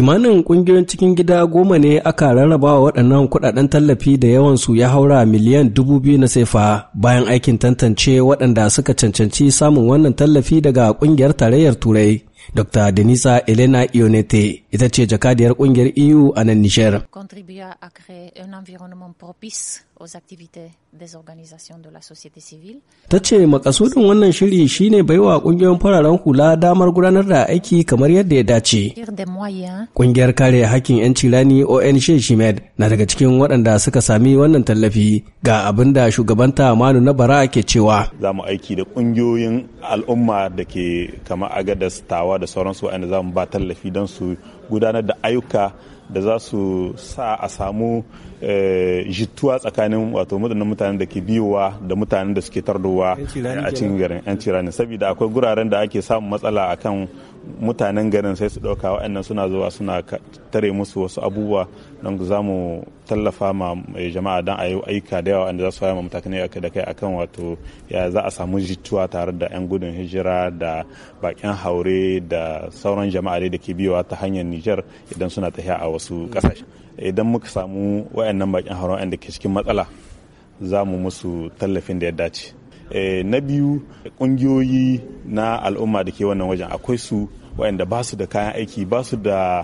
kimanin kungiyoyin cikin gida goma ne aka rarraba wa waɗannan kuɗaɗen tallafi da yawansu ya haura miliyan dubu biyu na sefa bayan aikin tantance waɗanda suka cancanci samun wannan tallafi daga ƙungiyar tarayyar turai Dr. Denisa Elena Ionete ita ce jakadiyar ƙungiyar EU a nan Nijar. aux activités des organisations de la société civile. Ta ce makasudin wannan shiri shine baiwa kungiyoyin fararen hula damar gudanar da aiki kamar yadda ya dace. Kungiyar kare hakkin 'yanci rani ONG Shimed na daga cikin waɗanda suka sami wannan tallafi ga abin da shugabanta Manu na bara ke cewa. Za mu aiki da kungiyoyin al'umma da ke kama agadas tawa da sauransu waɗanda za mu ba tallafi don su gudanar da ayyuka da za su sa a samu eh, jituwa tsakanin wato mutanen mutanen da ke biyowa da mutanen da suke tardowa a cikin garin 'yan tirani saboda akwai guraren da ake samun matsala akan mutanen garin sai su ɗauka waɗannan suna zuwa suna tare musu wasu abubuwa don za mu tallafa ma jama'a don a yi aika da yawa wanda za su ma matakan da kai akan wato ya za a samu jituwa tare da 'yan gudun hijira da bakin haure da sauran jama'a da ke biyowa ta hanyar nijar idan suna tafiya a wasu ƙasashe idan muka samu waɗannan bakin haure waɗanda ke cikin matsala za mu musu tallafin da ya dace Eh, na biyu kungiyoyi na al'umma da ke wannan wajen akwai su waɗanda ba su da kayan aiki ba su da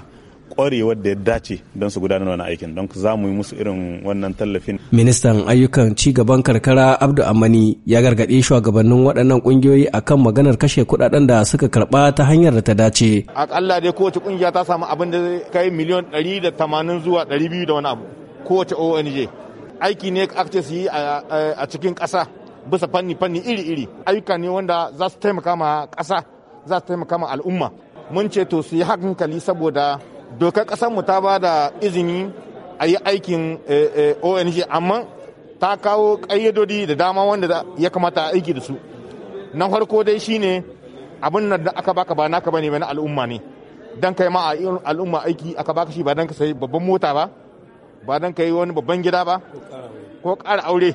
ƙwarewar da ya dace don su gudanar wani aikin don za mu yi musu irin wannan tallafin. Ministan ayyukan ci gaban karkara Abdu Amani ya gargaɗe shugabannin waɗannan ƙungiyoyi a kan maganar kashe kuɗaɗen da suka karɓa ta hanyar da ta dace. Akalla dai kowace ƙungiya ta samu abin da zai kai miliyon ɗari da tamanin zuwa ɗari biyu da wani abu kowace ONG. Aiki ne aka ce su yi a cikin ƙasa bisa fanni-fanni iri-iri ayyuka ne wanda za su taimaka ma ƙasa za su taimaka ma al'umma mun ce to su yi hankali saboda dokar mu ta ba da izini a yi aikin eh, eh, ong amma ta kawo ƙayyadodi da dama wanda ya kamata a aiki da su na farko dai shine abin nan da aka baka ba naka bane ba na al'umma ne dan kai ma al'umma aiki aka baka shi ba dan ka sayi babban mota ba ba dan kai wani babban gida ba ko ƙara aure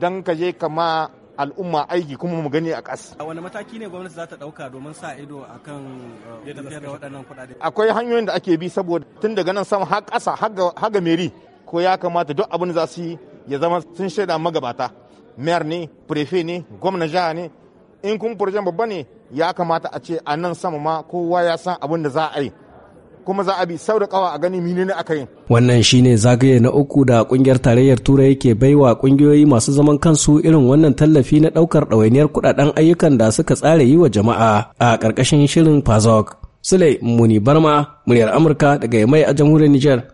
don ka je kama al'umma aiki kuma mu gani a ƙasa. A wani mataki ne gwamnati za ta ɗauka domin sa ido a kan tafiyar uh, da waɗannan kuɗaɗe? Akwai hanyoyin da ake bi saboda tun daga nan sama har ƙasa har ga meri ko ya kamata duk abin za su yi ya zama sun shaida magabata. Mayor ne, prefe ne, gwamnan jiha ne, in kun babba ne ya kamata a ce a nan sama ma kowa ya san abin da za a yi. kuma za a bi sau da kawa a gani menene aka yi wannan shine zagaye na uku da kungiyar tarayyar turai ke baiwa kungiyoyi masu zaman kansu irin wannan tallafi na ɗaukar ɗawainiyar kudaden ayyukan da suka tsara yi wa jama'a a ƙarƙashin shirin fazok sule muni barma muryar amurka daga yamai a jamhuriyar nijar.